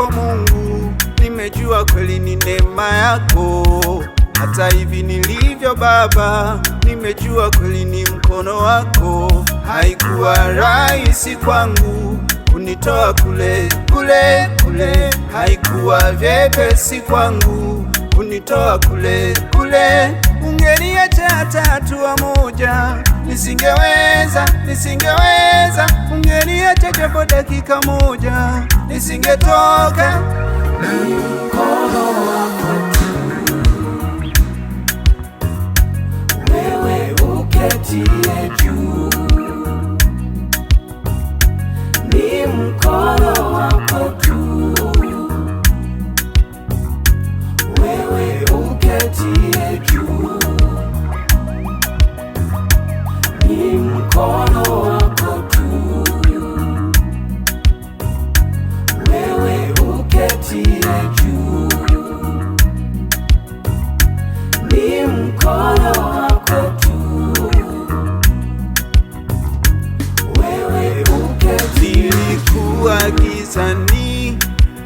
kwa Mungu, nimejua kweli ni neema yako. Hata hivi nilivyo Baba, nimejua kweli ni mkono wako. Haikuwa rahisi kwangu kunitoa kule kule kule, haikuwa vyepesi kwangu kunitoa kule kule. Ungeniacha hata hatua moja, nisingeweza nisingeweza. Ungeniacha japo dakika moja nisingetoka mkono wako kuwa gizani,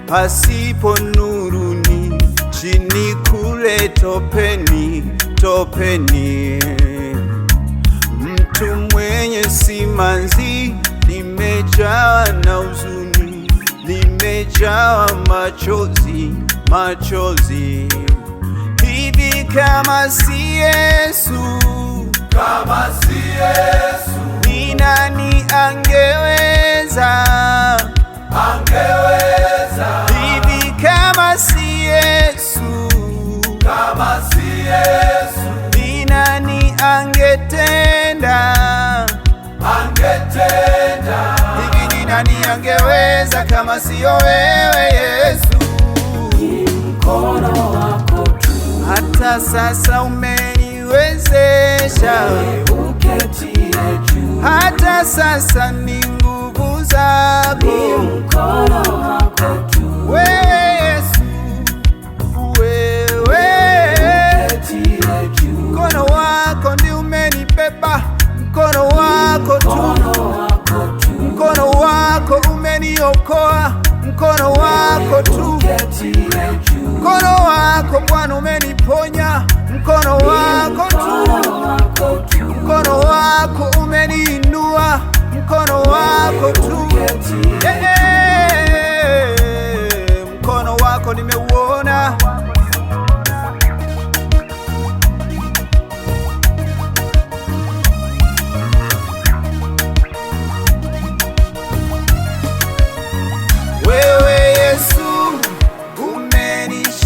pasipo nuruni, chini kule topeni, topeni. Mtu mwenye simanzi, limejawa na huzuni, nimejawa machozi, machozi. Hivi kama si Yesu, kama si Yesu si Yesu, kama si Yesu, ni nani angetenda? Angetenda hivi, ni nani angeweza kama siyo wewe Yesu? mkono wako tu, hata sasa umeniwezesha hata sasa ni nguvu zako umenibeba, mkono wako tu, mkono wako umeniokoa, mkono wako tu, mkono wako Bwana umeniponya, mkono wako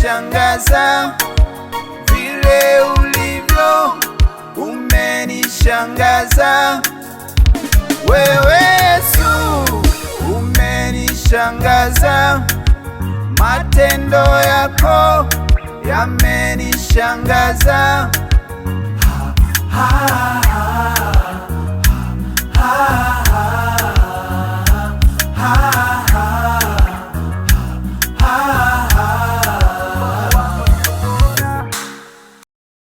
umenishangaza vile ulivyo, umenishangaza wewe Yesu, umenishangaza matendo yako yamenishangaza.